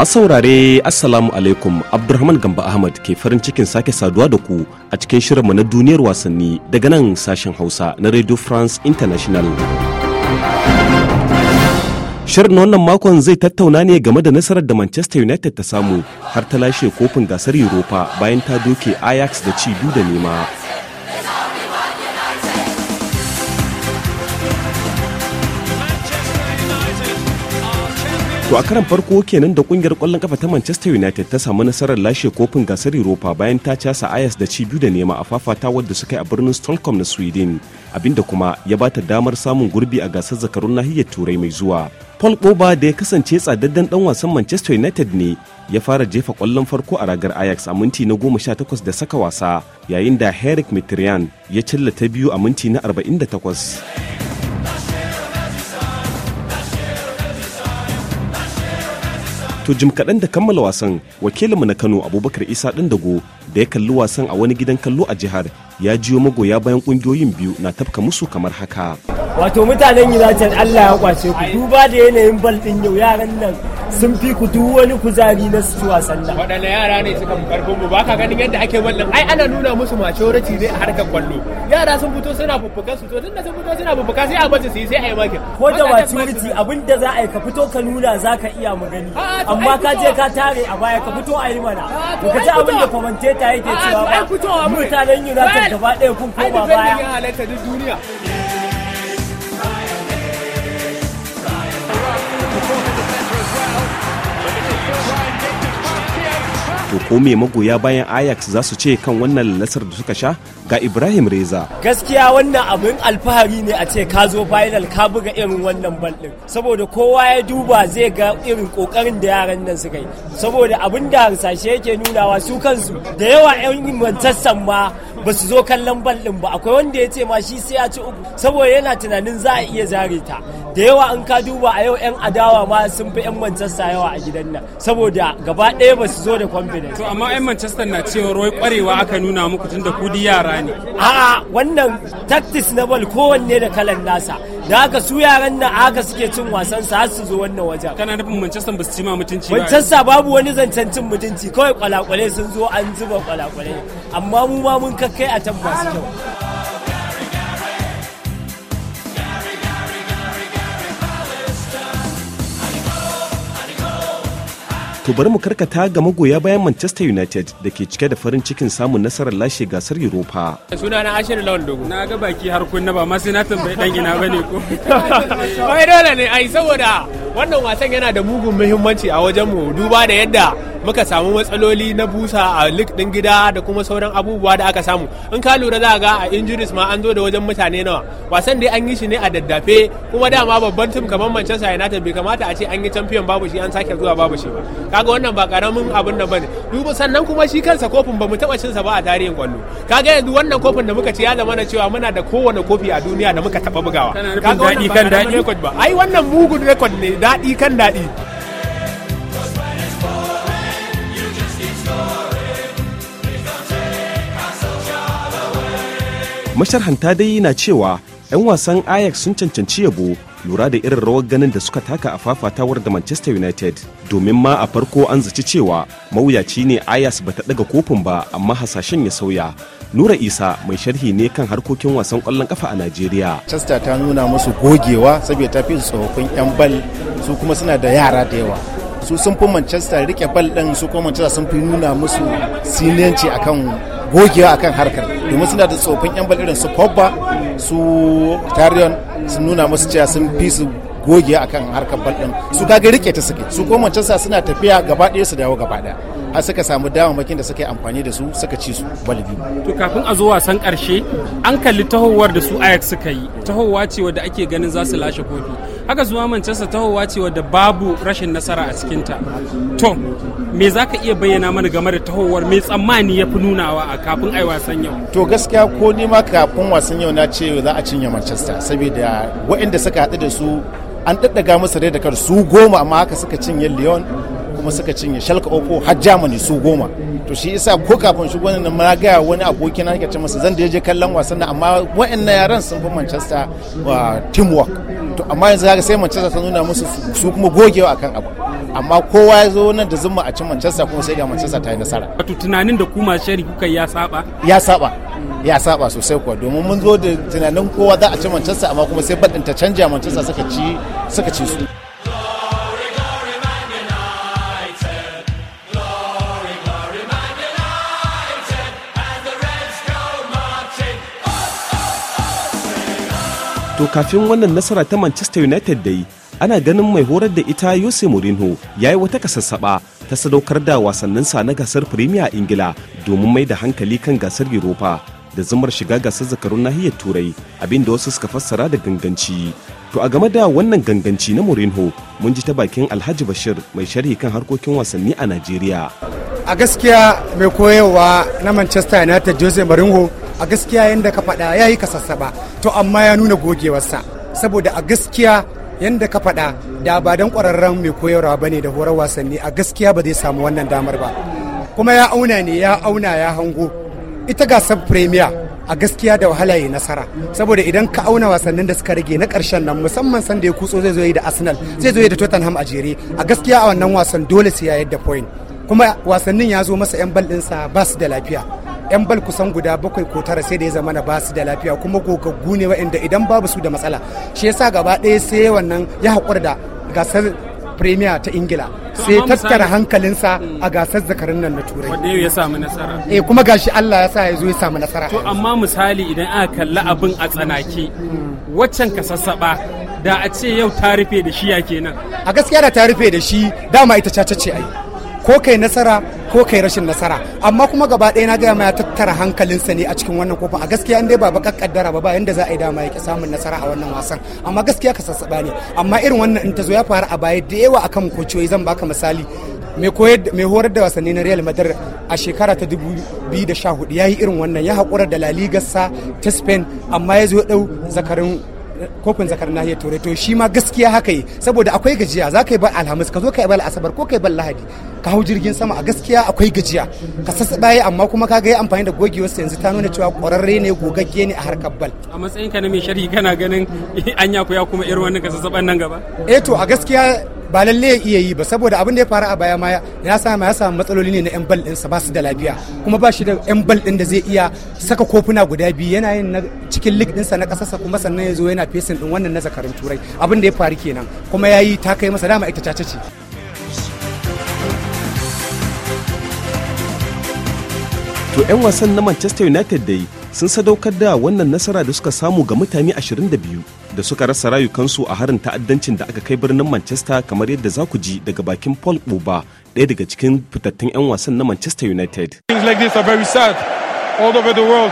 Masu saurare Assalamu alaikum Abdulrahman Gamba Ahmad ke farin cikin sake saduwa da ku a cikin shirinmu na duniyar wasanni daga nan sashen Hausa na Radio France International. Shirin wannan makon zai tattauna ne game da nasarar da Manchester United ta samu har ta lashe kofin gasar Europa bayan ta doke Ajax da ci biyu da nema. To a karan farko kenan da kungiyar kwallon kafa ta Manchester United ta samu nasarar lashe kofin gasar Europa bayan ta casa Ajax da ci biyu da nema a fafata wadda suka yi a birnin Stockholm na Sweden, abinda kuma ya ba ta damar samun gurbi a gasar zakarun nahiyar Turai mai zuwa. Paul Pogba da ya kasance tsadaddan dan wasan Manchester United ne ya fara jefa kwallon farko a ragar Ajax a minti na 18 da saka wasa, yayin da Henrik Mkhitaryan ya cilla ta biyu a minti na 48. To jim kaɗan da kammala wasan wakilinmu na Kano Abubakar Isa ɗin dago da ya kalli wasan a wani gidan kallo a jihar ya jiyo magoya bayan ƙungiyoyin biyu na tafka musu kamar haka. Wato mutanen United Allah ya kwace ku duba da yanayin bal ɗin yau yaran nan sun fi ku duk wani kuzari na su wasan nan waɗanne yara ne suka mu karfin mu baka ganin yadda ake wannan ai ana nuna musu maturity ne a harkar kwallo yara sun fito suna fuffuka su to da sun fito suna fuffuka sai a bace su yi sai a yi maki. ko da maturity abin da za a yi ka fito ka nuna za ka iya mu gani amma ka je ka tare a baya ka fito a yi mana ka ji abin da commentator yake cewa ba mutanen United gaba ɗaya kun koma baya to ko me magoya bayan ajax za su ce kan wannan lasar da suka sha ga ibrahim reza gaskiya wannan abin alfahari ne a ce ka zo final ka buga irin wannan bal saboda kowa ya duba zai ga irin kokarin da yaran nan suka yi saboda abin da harsashe yake nunawa su kansu da yawa yan manchester ma ba su zo kallon bal ba akwai wanda ya ce ma shi sai ya ci uku saboda yana tunanin za a iya zare ta da yawa an ka duba a yau yan adawa ma sun fi yan manchester yawa a gidan nan saboda gaba ɗaya ba su zo da kwamfe to amma 'yan manchester na cewa wai kwarewa aka nuna muku tun da kudi yara ne a'a wannan tactics na bal kowanne da kalan nasa da haka su yaran nan aka suke cin wasan sa su zo wannan wajen kana nufin manchester ba su ci ma mutunci ba manchester babu wani zancen cin mutunci kawai kwalakwale sun zo an zuba kwalakwale amma mu ma mun kakkai a tabbas kyau to bari mu karkata ga magoya bayan Manchester United da ke cike da farin cikin samun nasarar lashe gasar Europa. Suna na Ashir Lawan Dogo. Na ga baki har kunna ba masu na tambayi dan ina bane ko. Wai dole ne ai saboda wannan wasan yana da mugun muhimmanci a wajen mu duba da yadda muka samu matsaloli na busa a lik din gida da kuma sauran abubuwa da aka samu in ka lura za ga a injuries ma an zo da wajen mutane nawa wasan dai an yi shi ne a daddafe kuma dama babban tim kamar Manchester United bai kamata a ce an yi champion babu shi an sake zuwa babu shi ba kaga wannan ba karamin abin da bane duba sannan kuma shi kansa kofin ba mu taba cin sa ba a tarihin kwallo kaga yanzu wannan kofin da muka ci ya zama na cewa muna da kowane kofi a duniya da muka taba bugawa kaga wannan kan dadi record ba ai wannan mugun record ne dadi kan dadi masharhanta dai na cewa 'yan wasan ajax sun cancanci yabo lura da irin rawar ganin da suka taka a fafatawar da Manchester United domin ma a farko an zaci cewa mawuyaci ne Ayas ba ta daga kofin ba amma hasashen ya sauya Nura Isa mai sharhi ne kan harkokin wasan kwallon kafa a Najeriya. Chester ta nuna musu gogewa saboda ta fi tsofaffin 'yan bal su kuma suna da yara da yawa. Su sun fi Manchester rike bal ɗin su kuma Manchester sun fi nuna musu sinanci akan gogewa kan harkar domin suna da tsofin yan balirin su Pogba su Tarion sun nuna musu cewa sun fi su gogewa kan harkar balɗin su kaga rike ta suke su ko Manchester suna tafiya gaba ɗaya su dawo gaba ɗaya a suka samu damamakin da suka yi amfani da su suka ci su balibi to kafin a zo wasan karshe an kalli tahowar da su ajax suka yi tahowa ce wadda ake ganin za su lashe kofi haka zuwa manchester tahowa ce wadda babu rashin nasara a cikinta to me za ka iya bayyana mana game da tahowar me tsammani ya fi nunawa a kafin ai wasan yau to gaskiya ko ni ma kafin wasan yau na ce za a cinye manchester saboda waɗanda suka haɗu da su an daddaga musu rai da kar su goma amma haka suka cinye lyon kuma suka cinye shalka oko har jamani su goma to shi isa ko kafin shi gwani na ma gaya wani aboki na kace masa zan da je kallon wasan nan amma wa'annan yaran sun fi manchester teamwork to amma yanzu zaka sai manchester sun nuna musu su kuma gogewa akan abu amma kowa ya zo nan da zuma a cin manchester kuma sai ga manchester ta yi nasara wato tunanin da kuma shari kuka ya saba ya saba ya saba sosai kuwa domin mun zo da tunanin kowa za a ci manchester amma kuma sai baɗin ta canja manchester suka ci suka ci su To kafin wannan nasara ta Manchester United da yi, ana ganin mai horar da ita Jose Mourinho ya yi wata kasassaba ta sadaukar da wasanninsa na gasar Premier Ingila domin mai da hankali kan gasar Europa da zumar shiga gasar zakarun nahiyar Turai abinda wasu suka fassara da ganganci. To a game da wannan ganganci na Mourinho mun ji ta bakin Alhaji Bashir mai sharhi kan harkokin wasanni a Najeriya. A gaskiya mai koyarwa na Manchester United Jose Mourinho a gaskiya yadda ka faɗa ya yi kasassaba to amma ya nuna gogewarsa saboda a gaskiya yadda ka faɗa da ba don ƙwararren mai koyarwa ba ne da horar wasanni a gaskiya ba zai samu wannan damar ba kuma ya auna ne ya auna ya hango ita gasar premier a gaskiya da wahala ya nasara saboda idan ka auna wasannin da suka rage na ƙarshen nan musamman sanda ya kutso zai zo yi da arsenal zai zo yi da tottenham a jere a gaskiya a wannan wasan dole sai ya yadda point kuma wasannin ya zo masa yan bal ba su da lafiya yan bal kusan guda bakwai ko tara sai da ya zama na ba su da lafiya kuma gogaggu ne wa'anda idan babu su da matsala shi yasa gaba ɗaya sai wannan ya haƙura da gasar premier ta ingila sai tattara hankalinsa a mm. gasar zakarin nan na turai wanda ya samu nasara eh kuma gashi Allah ya sa ya zo ya samu nasara to amma misali idan aka kalli abin a tsanaki mm. waccan ka sassaba da a ce yau ta rufe da shi ya kenan a gaskiya da ta rufe da shi dama ita cacace ai ko kai nasara ko kai rashin nasara amma kuma gaba ɗaya na gaya ma ya tattara hankalinsa ne a cikin wannan kofa a gaskiya in dai ba baka kaddara ba ba yanda za a yi dama yake samun nasara a wannan wasan amma gaskiya ka sassaba ne amma irin wannan in ta zo ya faru a baya da yawa akan kociyoyi zan baka misali mai horar da wasanni na Real Madrid a shekara ta hudu ya yi irin wannan ya haƙura da La Liga ta Spain amma ya zo ya ɗau zakarin kofin zakar nahiyar turai to shi ma gaskiya haka yi saboda akwai gajiya za ka yi bar alhamis ka zo ka yi bar asabar ko ka yi bar lahadi ka hau jirgin sama a gaskiya akwai gajiya ka sassaɓa yi amma kuma ka ga yi amfani da gogewarsa yanzu ta nuna cewa ƙwararre ne gogagge ne a harkar bal. a matsayin ka na mai sharhi kana ganin anya ku ya kuma irin wani ka nan gaba. eh to a gaskiya ba lalle ya iya yi ba saboda abin da ya faru a baya ma ya samu ya samu matsaloli ne na yan bal ɗinsa ba su da lafiya kuma ba shi da yan bal ɗin da zai iya saka kofuna guda biyu yana yin na cikin lig ɗinsa na ƙasarsa kuma sannan ya zo yana fesin ɗin wannan na zakarin turai abin da ya faru kenan kuma ya yi ta kai masa dama ita cace ce. To 'yan wasan na Manchester United dai sun sadaukar da wannan nasara da suka samu ga mutane 22 da suka rasa rayukansu a harin ta'addancin da aka kai birnin Manchester kamar yadda za ku ji daga bakin Paul buba ɗaya daga cikin fitattun 'yan wasan na Manchester United. Things like this are very sad all over the world,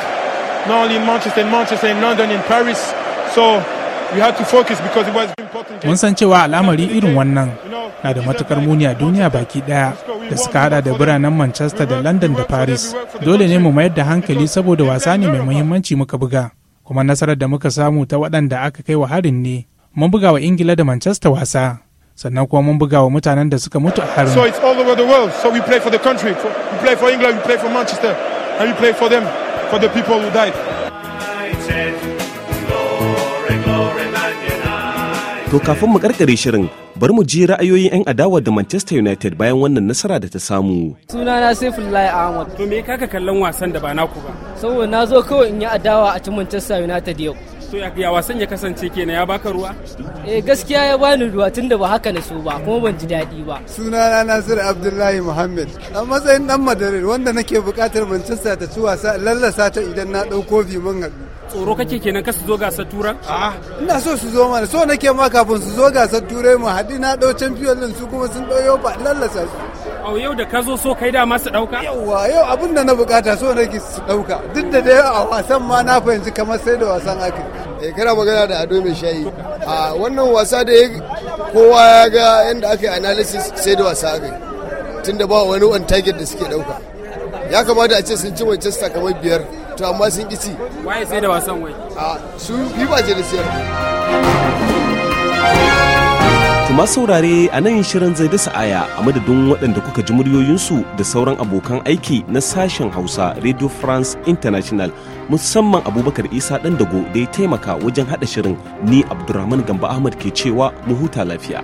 not only in Manchester, in Manchester, in London, in Paris. So Mun san cewa al'amari irin wannan na da matukar muni a duniya baki daya da suka hada da biranen Manchester da London da Paris. Dole ne mu mayar da hankali saboda wasa ne mai muhimmanci muka buga. kuma nasarar da muka samu ta waɗanda aka kai wa harin ne mun buga wa ingila da manchester wasa sannan kuma mun buga wa mutanen da suka mutu a harin so it's all over the world To kafin mu karkare shirin bar mu ji ra'ayoyin 'yan adawa da Manchester United bayan wannan nasara da ta samu. Sunana Lai Ahmad. To me kaka kallon wasan da ba naku ba? Saboda na zo kawai in yi adawa a cikin Manchester United yau. to ya wasan ya kasance kenan ya baka ruwa? Eh gaskiya ya bani ruwa tun da ba haka na so ba kuma ban ji daɗi ba. Sunana Nasir Abdullahi Muhammad. Dan matsayin dan Madrid wanda nake buƙatar Manchester ta ci wasa lallasa ta idan na ɗauko biyu man haɗu. tsoro kake kenan ka su zo gasar turan ah, ina so su zo mana so nake ma kafin su zo gasar turai mu haɗi na ɗau champion din su kuma sun ɗau yau ba lallasa su a yau da ka zo so kai dama su ɗauka yauwa yau abin da na bukata so nake su ɗauka duk da dai a wasan ma na fahimci kamar sai da wasan aka eh kana magana da ado mai shayi a ah, wannan wasa da kowa ya ga yadda aka yi analysis sai da wasa aka tunda ba wani on target da suke ɗauka ya kamata a ce sun ci Manchester kamar biyar to amma sun ki ci waye sai da wasan wai a su yi ba je siyar Tuma saurare a nan shirin zai dasa aya a madadin waɗanda kuka ji muryoyinsu da sauran abokan aiki na sashen Hausa Radio France International musamman Abubakar Isa ɗan dago da ya taimaka wajen haɗa shirin ni Abdulrahman Gamba Ahmad ke cewa mu huta lafiya.